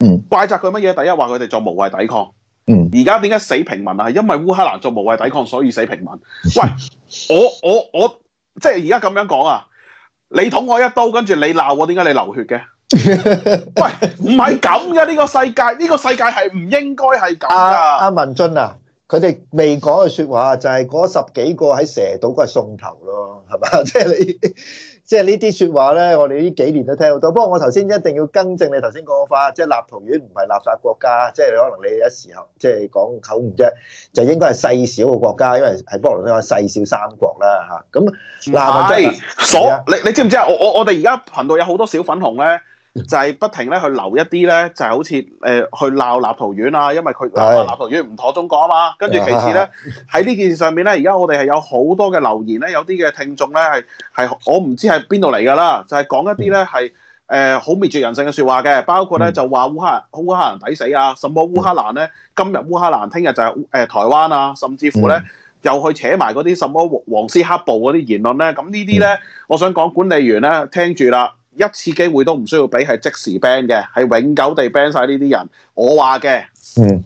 嗯，怪責佢乜嘢？第一話佢哋做無謂抵抗，嗯，而家點解死平民啊？係因為烏克蘭做無謂抵抗，所以死平民。喂，我我我，即係而家咁樣講啊！你捅我一刀，跟住你鬧我，點解你流血嘅？
喂，唔係咁嘅，呢個世界，呢個世界係唔應
該係咁
噶。阿阿文俊啊！佢哋未講嘅説話就係、是、嗰十幾個喺蛇島嗰個送頭咯，係嘛？即 係你，即、就、係、是、呢啲説話咧，我哋呢幾年都聽到。不過我頭先一定要更正你頭先講嘅話，即、就、係、是、立陶宛唔係垃圾國家，即、就、係、是、可能你有時候即係、就是、講口誤啫，就應該係細小嘅國家，因為係波羅你話細小三國啦嚇。咁嗱是在，我哋所你你知唔知啊？我我我哋而家頻道有好多小粉紅咧。
就係不停咧去留一啲咧，就係、是、好似誒、呃、去鬧立陶宛啊，因為佢話立陶宛唔妥中國啊嘛。跟住其次咧，喺呢件事上面咧，而家我哋係有好多嘅留言咧，有啲嘅聽眾咧係係我唔知係邊度嚟㗎啦，就係、是、講一啲咧係誒好滅絕人性嘅説話嘅，包括咧就話烏克烏克蘭抵死啊，什麼烏克蘭咧，今日烏克蘭，聽日就係、是、誒、呃、台灣啊，甚至乎咧、嗯、又去扯埋嗰啲什麼黃絲黑暴嗰啲言論咧，咁呢啲咧，我想講管理員咧聽住啦。一次機會都唔需要俾，係即時 ban 嘅，係永久地 ban 晒呢啲人。我話嘅，
嗯，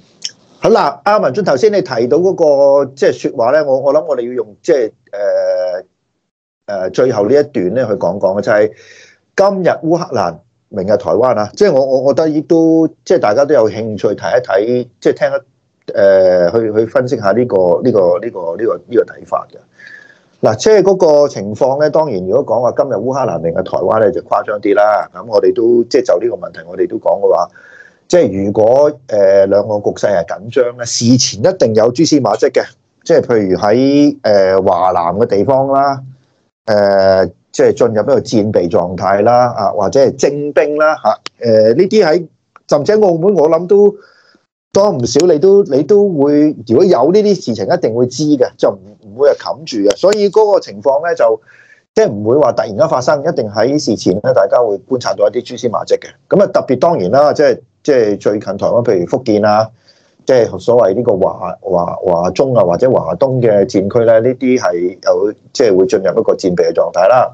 好啦，阿文俊頭先你提到嗰個即係説話咧，我我諗我哋要用即係誒誒最後呢一段咧去講講嘅，就係今日烏克蘭，明日台灣啊，即係我我覺得亦都即係大家都有興趣睇一睇，即係聽一誒去去分析下呢個呢個呢個呢個呢個睇法嘅。嗱，即係嗰個情況咧，當然如果講話今日烏克蘭定係台灣咧，就誇張啲啦。咁我哋都即係就呢個問題，我哋都講嘅話，即係如果誒兩個局勢係緊張咧，事前一定有蛛絲馬跡嘅。即係譬如喺誒華南嘅地方啦，誒即係進入一個戰備狀態啦，啊或者係徵兵啦嚇，誒呢啲喺，甚至澳門我諗都多唔少你，你都你都會如果有呢啲事情，一定會知嘅，就唔會係冚住嘅，所以嗰個情況咧就即係唔會話突然間發生，一定喺事前咧大家會觀察到一啲蛛絲馬跡嘅。咁啊特別當然啦，即係即係最近台灣譬如福建啊，即係所謂呢個華華華中啊或者華東嘅戰區咧，呢啲係有即係會進入一個戰備嘅狀態啦。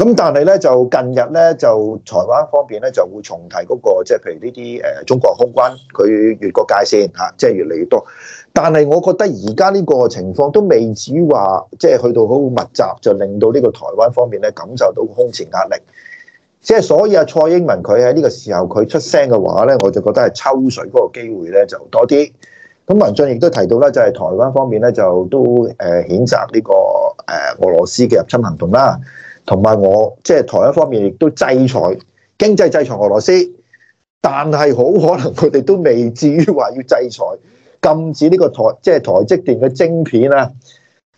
咁但係咧就近日咧就台灣方面咧就會重提嗰、那個即係、就是、譬如呢啲誒中國空軍佢越過界線嚇，即、啊、係、就是、越嚟越多。但係我覺得而家呢個情況都未至於話即係去到好密集，就令到呢個台灣方面咧感受到空前壓力。即、就、係、是、所以阿、啊、蔡英文佢喺呢個時候佢出聲嘅話咧，我就覺得係抽水嗰個機會咧就多啲。咁文進亦都提到咧，就係、是、台灣方面咧就都誒譴責呢個誒俄羅斯嘅入侵行動啦。同埋我即係台灣方面，亦都制裁經濟制裁俄羅斯，但係好可能佢哋都未至於話要制裁禁止呢個台即係台積電嘅晶片啊，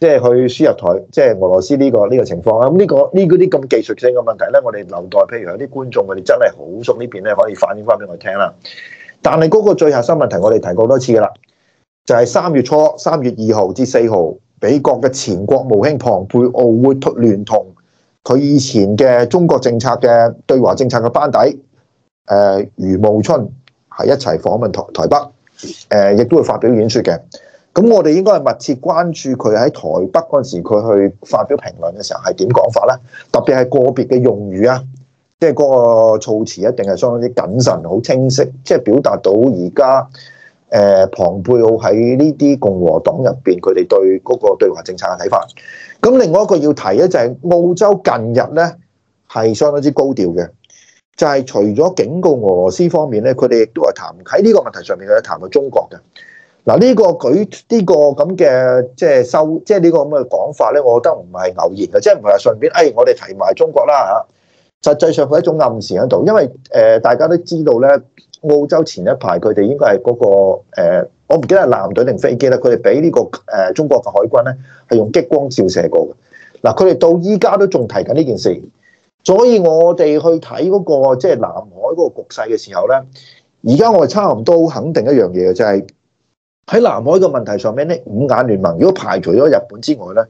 即係去輸入台即係俄羅斯呢、呢個呢、呢個情況啊。咁、嗯、呢、呢個呢啲咁技術性嘅問題咧，我哋留待譬如有啲觀眾佢哋真係好熟呢邊咧，可以反映翻俾我聽啦。但係嗰個最核心問題，我哋提過多次噶啦，就係、是、三月初三月二號至四號，美國嘅前國務卿蓬佩奧會聯同。佢以前嘅中國政策嘅對華政策嘅班底，誒，余茂春係一齊訪問台台北，誒、呃、亦都會發表演説嘅。咁我哋應該係密切關注佢喺台北嗰陣時，佢去發表評論嘅時候係點講法咧？特別係個別嘅用語啊，即係嗰個措辭一定係相當之謹慎、好清晰，即、就、係、是、表達到而家誒，龐、呃、佩奧喺呢啲共和黨入邊，佢哋對嗰個對華政策嘅睇法。咁另外一個要提咧就係澳洲近日咧係相當之高調嘅，就係、是、除咗警告俄羅斯方面咧，佢哋亦都係談喺呢個問題上面嘅談到中國嘅。嗱、這、呢個舉呢、這個咁嘅即係收即係呢個咁嘅講法咧，我覺得唔係偶然嘅，即係唔係話順便誒、哎、我哋提埋中國啦嚇。實際上佢係一種暗示喺度，因為誒、呃、大家都知道咧，澳洲前一排佢哋應該係嗰個、呃我唔記得係艦隊定飛機啦，佢哋俾呢個誒中國嘅海軍咧，係用激光照射過嘅。嗱，佢哋到依家都仲提緊呢件事，所以我哋去睇嗰個即係南海嗰個局勢嘅時候咧，而家我哋差唔多肯定一樣嘢就係喺南海嘅問題上面呢，五眼聯盟如果排除咗日本之外咧，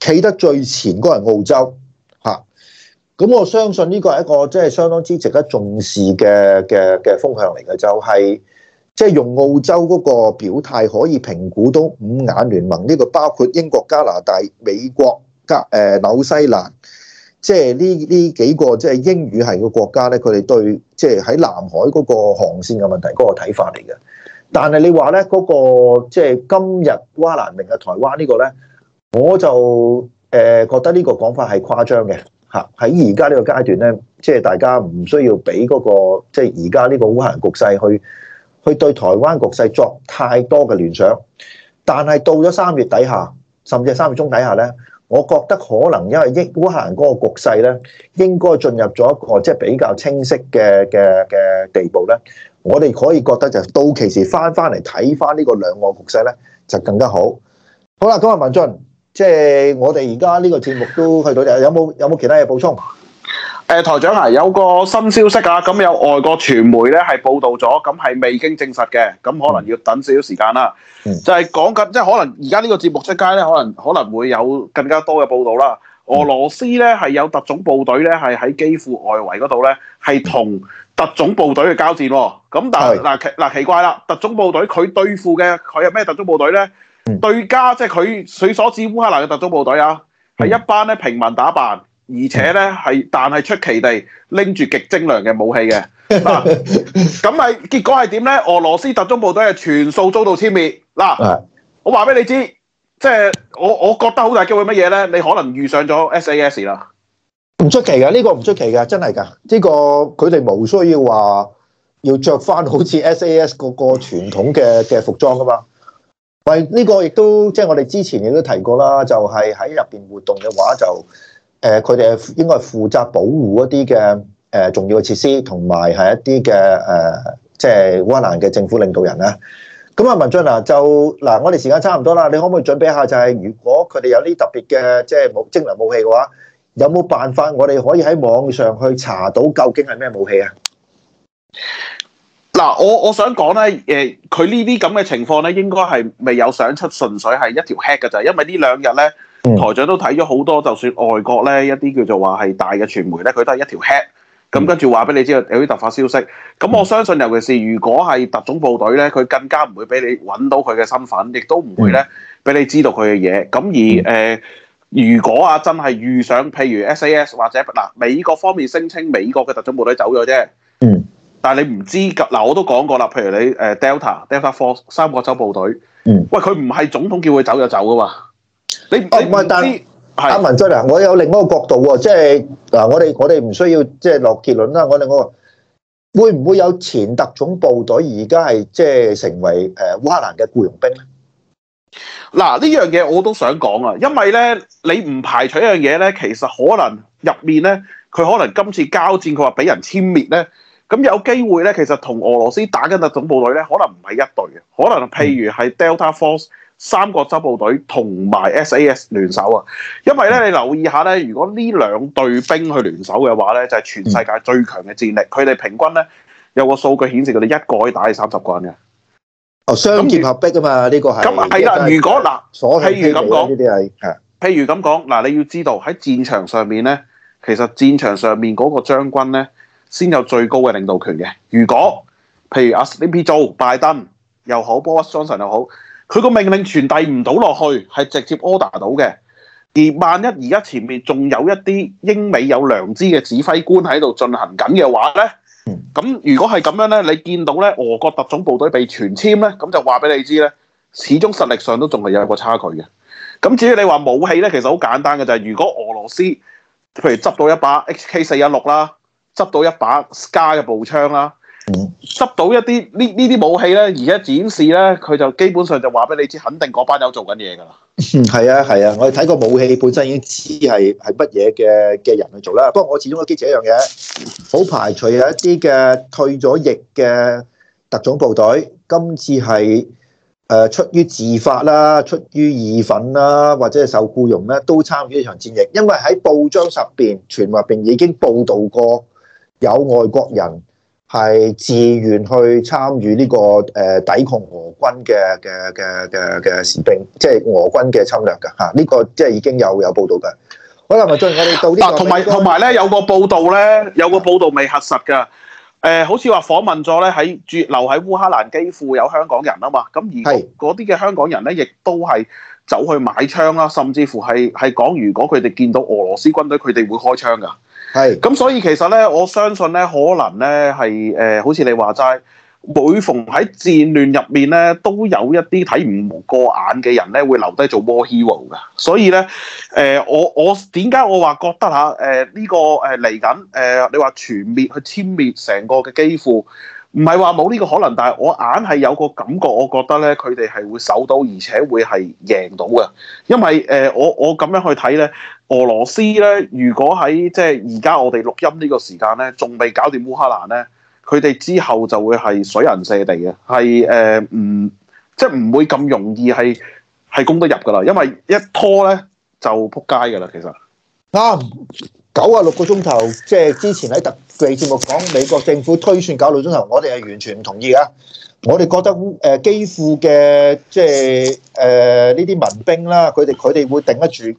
企得最前嗰係澳洲嚇。咁我相信呢個係一個即係相當之值得重視嘅嘅嘅風向嚟嘅，就係。即係用澳洲嗰個表態，可以評估到五眼聯盟呢個，包括英國、加拿大、美國、加誒紐西蘭，即係呢呢幾個即係英語系嘅國家咧，佢哋對即係喺南海嗰個航線嘅問題嗰個睇法嚟嘅。但係你話咧，嗰個即係今日烏克蘭明日台灣呢個咧，我就誒覺得呢個講法係誇張嘅嚇。喺而家呢個階段咧，即係大家唔需要俾嗰個即係而家呢個烏克蘭局勢去。去對台灣局勢作太多嘅聯想，但係到咗三月底下，甚至三月中底下呢，我覺得可能因為烏克蘭嗰個局勢呢，應該進入咗一個即係比較清晰嘅嘅嘅地步呢。我哋可以覺得就到期時翻翻嚟睇翻呢個兩岸局勢呢，就更加好。好啦，咁啊文進，即係我哋而家呢個節目都去到，有冇有冇其他嘢補充？
誒、呃、台長啊，有
個新消息
啊，咁有外國傳媒咧係報導咗，咁係未經證實嘅，咁、嗯、可能要等少少時間啦。嗯、就係講緊，即係可能而家呢個節目出街咧，可能可能會有更加多嘅報導啦。俄羅斯咧係有特種部隊咧係喺基輔外圍嗰度咧係同特種部隊嘅交戰喎。咁、嗯、但係嗱嗱奇怪啦，特種部隊佢對付嘅佢係咩特種部隊咧？嗯、對家即係佢誰所指烏克蘭嘅特種部隊啊？係一班咧平民打扮。而且咧係，但係出奇地拎住極精良嘅武器嘅，嗱， 咁係結果係點咧？俄羅斯特種部隊係全數遭到殲滅。嗱， 我話俾你知，即係我我覺得好大機會乜嘢咧？你可能遇上咗 SAS 啦，
唔出奇㗎，呢個唔出奇㗎，真係㗎。呢個佢哋冇需要話要着翻好似 SAS 嗰個傳統嘅嘅服裝㗎嘛。喂，呢個亦都即係我哋之前亦都提過啦，就係喺入邊活動嘅話就。誒，佢哋係應該係負責保護一啲嘅誒重要嘅設施，同埋係一啲嘅誒，即係烏克蘭嘅政府領導人啦。咁、嗯、啊，文俊啊，就嗱，我哋時間差唔多啦，你可唔可以準備一下、就係？就係如果佢哋有啲特別嘅，即係武精良武器嘅話，有冇辦法我哋可以喺網上去查到究竟係咩武器啊？
嗱，我我想講咧，誒、呃，佢呢啲咁嘅情況咧，應該係未有想出，純粹係一條 head 嘅啫。因為兩呢兩日咧。嗯、台長都睇咗好多，就算外國咧一啲叫做話係大嘅傳媒咧，佢都係一條 head、嗯。咁跟住話俾你知有啲突發消息。咁我相信尤其是如果係特種部隊咧，佢更加唔會俾你揾到佢嘅身份，亦都唔會咧俾你知道佢嘅嘢。咁而誒、嗯呃，如果啊真係遇上譬如 SAS 或者嗱美國方面聲稱美國嘅特種部隊走咗啫。嗯。但係你唔知㗎嗱，我都講過啦，譬如你誒 Delta Delta Force 三角洲部隊。喂，佢唔係總統叫佢走就走㗎嘛？你哦，唔係不，但
阿是、啊、文津進啊，我有另外一個角度喎、啊，即係嗱、啊，我哋我哋唔需要即係落結論啦、啊，我哋我會唔會有前特種部隊而家係即係成為誒、呃、烏克蘭嘅僱傭兵咧？
嗱、啊，呢樣嘢我都想講啊，因為咧你唔排除一樣嘢咧，其實可能入面咧，佢可能今次交戰佢話俾人殲滅咧，咁有機會咧，其實同俄羅斯打緊特種部隊咧，可能唔係一隊嘅，可能譬如係 Delta Force。三角洲部隊同埋 SAS 聯手啊！因為咧，你留意下咧，如果呢兩隊兵去聯手嘅話咧，就係、是、全世界最強嘅戰力。佢哋平均咧有個數據顯示，佢哋一個可以打你三十個人嘅、嗯。
哦，雙劍合璧啊嘛！呢、這個係咁啊，係啦樣、嗯。如果嗱，譬如咁講，
譬、啊、如咁講嗱，你要知道喺戰場上面咧，其實戰場上面嗰個將軍咧，先有最高嘅領導權嘅。如果譬如阿 Sleepy 做拜登又好，波什雙神又好。又又又又又又佢個命令傳遞唔到落去，係直接 order 到嘅。而萬一而家前面仲有一啲英美有良知嘅指揮官喺度進行緊嘅話咧，咁如果係咁樣咧，你見到咧俄國特種部隊被全殲咧，咁就話俾你知咧，始終實力上都仲係有一個差距嘅。咁至於你話武器咧，其實好簡單嘅就係、是，如果俄羅斯譬如執到一把 HK 四一六啦，執到一把 SCAR 嘅步槍啦。執、嗯、到一啲呢呢啲武器咧，而家展示咧，佢就基本上就話俾你知，肯定嗰班有做緊嘢噶啦。
係啊係啊，我哋睇個武器本身已經知係係乜嘢嘅嘅人去做啦。不過我始終都堅持一樣嘢，好排除有一啲嘅退咗役嘅特種部隊，今次係誒、呃、出於自發啦，出於義憤啦，或者係受僱傭咧，都參與呢場戰役。因為喺報章上邊、傳媒邊已經報道過有外國人。係自願去參與呢、這個誒、呃、抵抗俄軍嘅嘅嘅嘅嘅士兵，即係俄軍嘅侵略嘅嚇，呢、啊這個即係已經有有報道嘅。好啦，麥我哋到呢同埋同埋
咧有，有個報道咧，嗯、有個報道未核實嘅。誒、呃，好似話訪問咗咧喺駐留喺烏克蘭，幾乎有香港人啊嘛。咁而嗰啲嘅香港人咧，亦都係走去買槍啦，甚至乎係係講，如果佢哋見到俄羅斯軍隊，佢哋會開槍噶。係，咁所以其實咧，我相信咧，可能咧係誒，好似你話齋，每逢喺戰亂入面咧，都有一啲睇唔過眼嘅人咧，會留低做 war hero 噶。所以咧，誒、呃、我我點解我話覺得嚇誒呢個誒嚟緊誒，你話全滅去殲滅成個嘅基輔，唔係話冇呢個可能，但係我硬係有個感覺，我覺得咧，佢哋係會守到，而且會係贏到嘅，因為誒、呃、我我咁樣去睇咧。俄羅斯咧，如果喺即係而家我哋錄音呢個時間咧，仲未搞掂烏克蘭咧，佢哋之後就會係水銀瀉地嘅，係誒唔即係唔會咁容易係係攻得入噶啦，因為一拖咧就仆街噶啦，其
實啱九啊六個鐘頭，即係之前喺特備節目講美國政府推算九六鐘頭，我哋係完全唔同意嘅，我哋覺得誒、呃、基輔嘅即係誒呢啲民兵啦，佢哋佢哋會頂得住。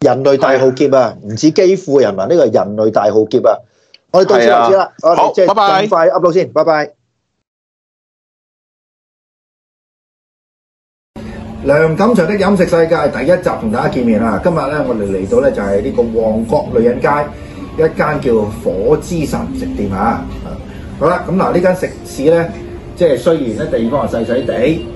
人類大浩劫啊，唔止基輔人民，呢個係人類大浩劫啊！我哋到此為止啦，好，拜拜。咁快噏到先，拜拜。梁錦祥的飲食世界第一集同大家見面啦，今日咧我哋嚟到咧就係呢個旺角女人街一間叫火之神食店啊。好啦，咁嗱呢間食肆咧，即係雖然咧地方係細細地。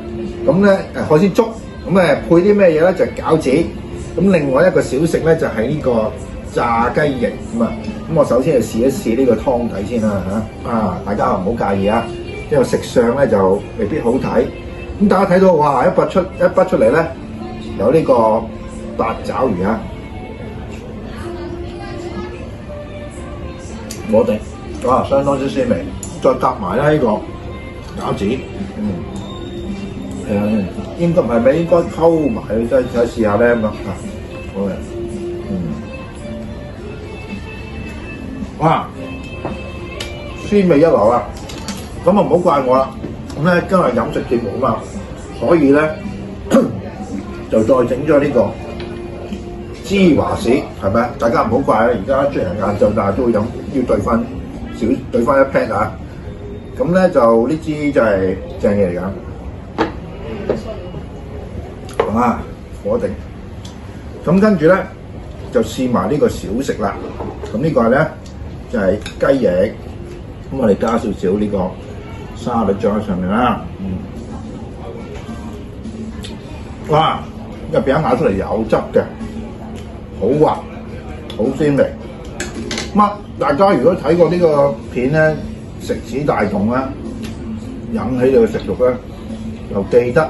咁咧誒海鮮粥，咁誒配啲咩嘢咧？就係、餃子，咁另外一個小食咧就係呢個炸雞翼咁啊！咁我首先就試一試呢個湯底先啦嚇啊！大家唔好介意啊，因為食相咧就未必好睇。咁大家睇到哇一拔出一拔出嚟咧，有呢個八爪魚啊！我哋哇相當之鮮味，再搭埋咧呢個餃子，嗯。應該唔係咩？應該溝埋，真再試下咧咁啊！好嘅，嗯，哇，酸味一流啊！咁啊，唔好怪我啦。咁咧今日飲食節目啊嘛，所以咧 就再整咗呢個芝華士，係咪啊？大家唔好怪啊！而家雖然晏晝，但係都要飲，要兌翻少，兌翻一 pat 啊！咁咧就呢支就係正嘢嚟㗎。係火，啊、定咁跟住咧就試埋呢個小食啦。咁、這個、呢個咧就係、是、雞翼，咁我哋加少少呢個沙律醬喺上面啦。嗯，哇！入邊咬出嚟有汁嘅，好滑，好鮮味。咁大家如果睇過呢個片咧，食指大動啦，引起你嘅食欲咧，就記得。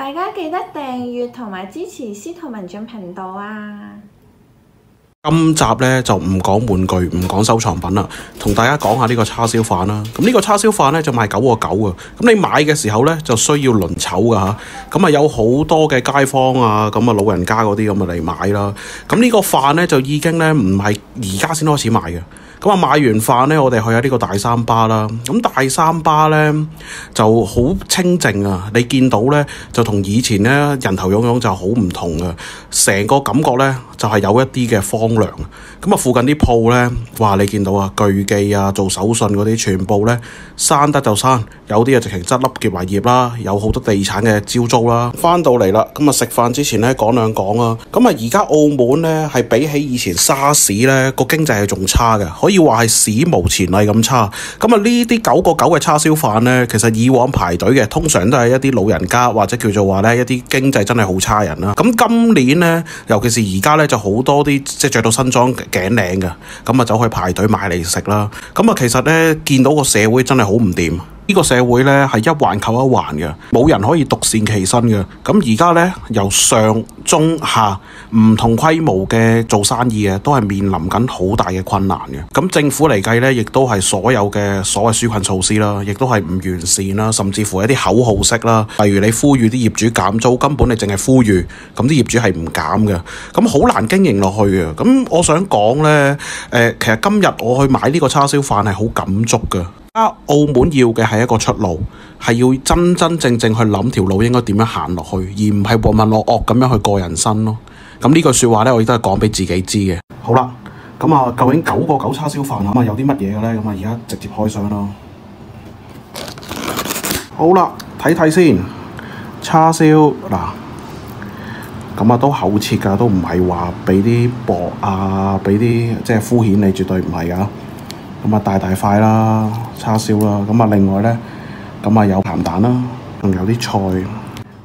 大
家記得訂閱同埋支持司徒文進頻道啊！今集咧就唔講玩具，唔講收藏品啦，同大家講下呢個叉燒飯啦。咁、嗯、呢、這個叉燒飯咧就賣九個九啊。咁、嗯、你買嘅時候咧就需要輪籌噶吓。咁啊、嗯、有好多嘅街坊啊，咁、嗯、啊老人家嗰啲咁啊嚟買啦。咁、嗯這個、呢個飯咧就已經咧唔係而家先開始賣嘅。咁啊，買完飯呢，我哋去下呢個大三巴啦。咁大三巴呢，就好清靜啊，你見到呢，就同以前呢，人頭湧湧就好唔同嘅，成個感覺呢。就係有一啲嘅荒涼，咁啊附近啲鋪呢，話你見到啊，巨記啊，做手信嗰啲，全部呢，閂得就閂，有啲啊直情執笠結埋業啦，有好多地產嘅招租啦、啊。翻到嚟啦，咁啊食飯之前呢，講兩講啊，咁啊而家澳門呢，係比起以前沙士呢個經濟係仲差嘅，可以話係史無前例咁差。咁啊呢啲九個九嘅叉燒飯呢，其實以往排隊嘅通常都係一啲老人家或者叫做話呢一啲經濟真係好差人啦。咁今年呢，尤其是而家呢。就好多啲，即係着到新裝頸領嘅，咁啊走去排隊買嚟食啦。咁啊，其實咧見到個社會真係好唔掂。呢個社會呢，係一環扣一環嘅，冇人可以獨善其身嘅。咁而家呢，由上中下唔同規模嘅做生意呀都係面臨緊好大嘅困難嘅。咁政府嚟計呢，亦都係所有嘅所謂紓困措施啦，亦都係唔完善啦，甚至乎一啲口號式啦。例如你呼籲啲業主減租，根本你淨係呼籲，咁啲業主係唔減嘅，咁好難經營落去嘅。咁我想講呢，呃，其實今日我去買呢個叉燒飯係好感觸㗎。而家澳門要嘅係一個出路，係要真真正正去諗條路應該點樣行落去，而唔係渾渾噩噩咁樣去過人生咯。咁呢句說話咧，我亦都係講俾自己知嘅。好啦，咁啊，究竟九個九叉燒飯盒啊，有啲乜嘢嘅咧？咁啊，而家直接開箱咯。好啦，睇睇先叉燒嗱，咁啊都厚切噶，都唔係話畀啲薄啊，畀啲即係敷衍你，絕對唔係㗎。咁啊大大塊啦，叉燒啦，咁啊另外呢，咁啊有鹹蛋啦，仲有啲菜。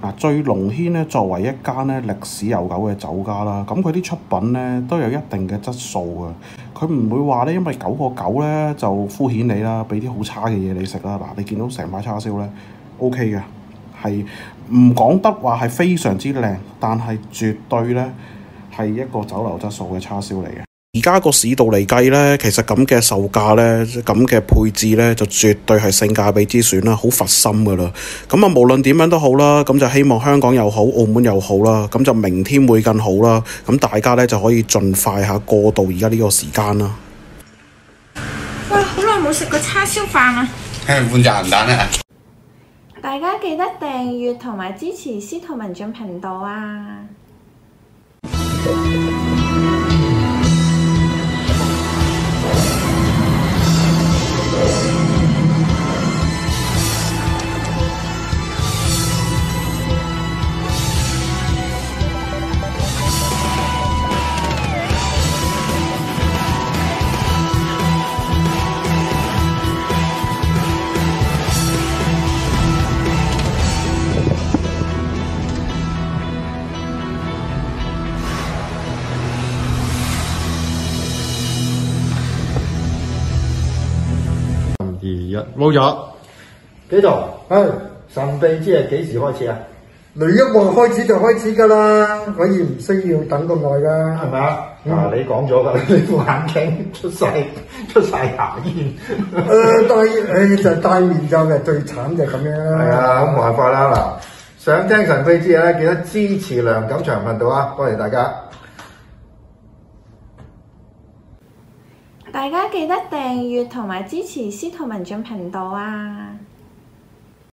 嗱，醉龍軒呢，作為一間呢歷史悠久嘅酒家啦，咁佢啲出品呢，都有一定嘅質素嘅。佢唔會話呢，因為九個九呢，就敷衍你啦，俾啲好差嘅嘢你食啦。嗱，你見到成排叉燒呢，OK 嘅，係唔講得話係非常之靚，但係絕對呢，係一個酒樓質素嘅叉燒嚟嘅。而家個市道嚟計呢，其實咁嘅售價呢，咁嘅配置呢，就絕對係性價比之選啦，好佛心噶啦。咁啊，無論點樣都好啦，咁就希望香港又好，澳門又好啦，咁就明天會更好啦。咁大家呢，就可以盡快下過渡而家呢個時間啦。
喂，好耐冇食過叉燒飯啊！嘿， 換隻鹹蛋啊！大家記得訂閱同埋支持司徒文進頻道啊！冇咗，基督，哎，神秘之夜幾時開始啊？雷一環開始就開始噶啦，我而唔需要等咁耐噶，係咪、嗯、啊？嗱，你講咗噶，你副眼鏡出晒出晒牙煙，誒、 呃，對，誒、哎、就戴、是、面罩嘅最慘就咁樣啦。係啊，咁冇辦法啦。嗱，想聽神秘之夜，記得支持梁錦祥頻道啊，多謝大家。大家記得訂閱同埋支持司徒文進頻道啊！